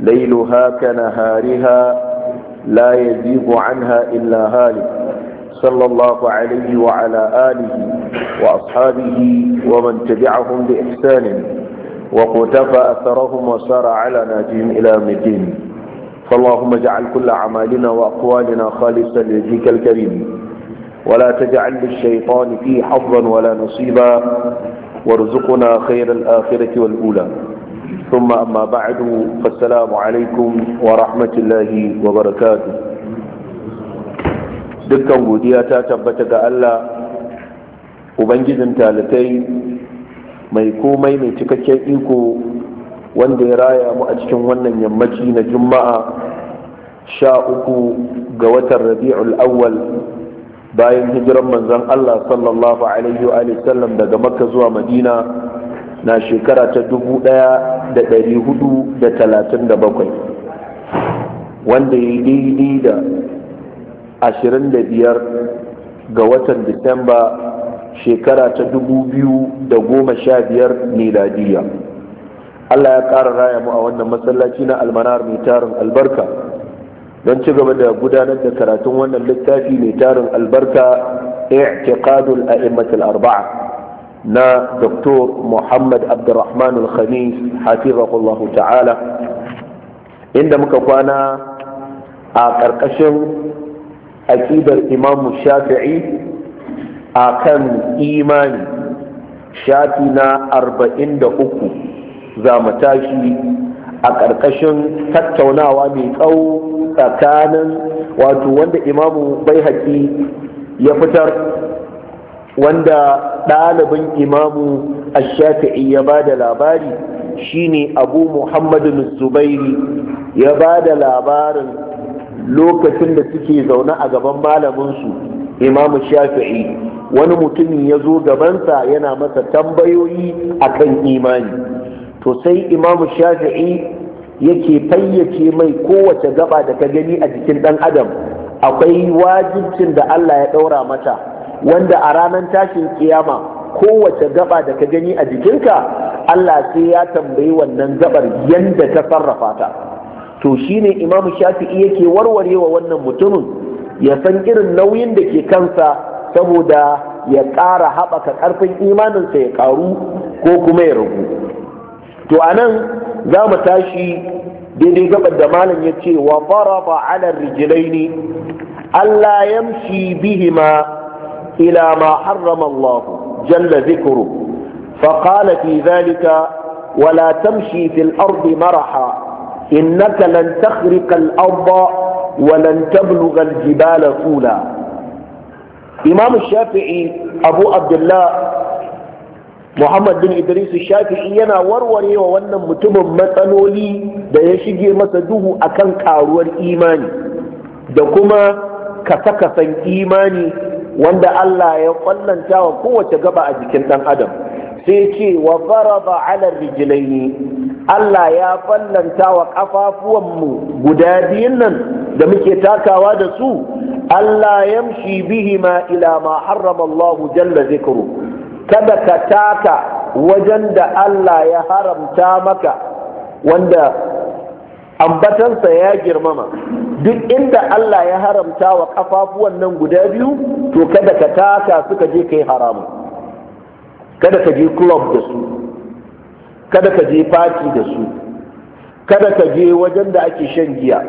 ليلها كنهارها لا يزيغ عنها إلا هالك صلى الله عليه وعلى آله وأصحابه ومن تبعهم بإحسان وقتفى أثرهم وسار على ناجهم إلى مدين فاللهم اجعل كل أعمالنا وأقوالنا خالصا لذيك الكريم ولا تجعل للشيطان فيه حظا ولا نصيبا وارزقنا خير الآخرة والأولى ثم أما بعد فالسلام عليكم ورحمة الله وبركاته dukkan godiya ta tabbata ga Allah ubangijin talatai mai komai mai cikakken iko wanda ya raya mu a cikin wannan yammaci na juma'a sha uku ga watan rabi'ul awwal bayan hijiran manzon Allah sallallahu alaihi wa sallam daga makka zuwa madina na shekara ta dubu ɗaya da da da ɗari talatin bakwai wanda ya yi daidai da ashirin da biyar ga watan disamba shekara ta da goma sha biyar 2015 miladiya allah ya ƙara raya mu a wannan masallaci na almanar mai tarin albarka don ci gaba da gudanar da karatun wannan littafi mai tarin albarka a a'immatul arba'a na dr muhammad abdurrahman al-khamis hafizahullahu ta'ala inda muka kwana a ƙarƙashin aƙidar imam shafi'i a kan imani shafi na arba'in da uku za mu tashi a ƙarƙashin tattaunawa mai tsawo tsakanin wato wanda imamu bai haƙi ya fitar wanda ɗalibin imamu ashafi'i shafii ya ba da labari shine abu muhammadu zubairi ya ba da labarin lokacin da suke zaune a gaban malaminsu imamu shafi'i wani mutumin ya zo gabansa yana masa tambayoyi akan imani to sai imamu shafi'i yake fayyace mai kowace gaba da ka gani a jikin ɗan adam akwai wajibcin da allah ya ɗaura mata wanda a ranar tashin kiyama kowace gaba da ka gani a jikinka Allah sai ya tambayi wannan gabar yadda ta sarrafa ta to ne imamu shafi'i yake warwarewa wannan mutumin ya san irin nauyin da ke kansa saboda ya ƙara haɓaka ƙarfin imaninsa ya ƙaru ko kuma ya ragu to a nan za mu tashi daidai gabar da malam ya ce wa faraba ala ne? Allah yamshi bihima إلى ما حرم الله جل ذكره فقال في ذلك ولا تمشي في الأرض مرحا إنك لن تخرق الأرض ولن تبلغ الجبال طولا إمام الشافعي أبو عبد الله محمد بن إدريس الشافعي ينا وروري وانا متم مثلولي دا يشجي مسدوه أكن كارور إيماني دا كما كتكفن إيماني wanda Allah ya kwallanta wa kowace gaba a jikin ɗan adam sai ce wa zaraba ala rijilaini Allah ya kwallanta wa ƙafafuwanmu guda biyun nan da muke takawa da su Allah yamshi bihi ma ila ma harrama Allah jalla zikru kada ka taka wajen da Allah ya haramta maka wanda ambatansa ya girmama duk inda Allah ya haramta wa kafafuwan nan guda biyu to kada ka taka suka je kai haramu kada ka je club da su kada ka je party da su kada ka je wajen da ake shan giya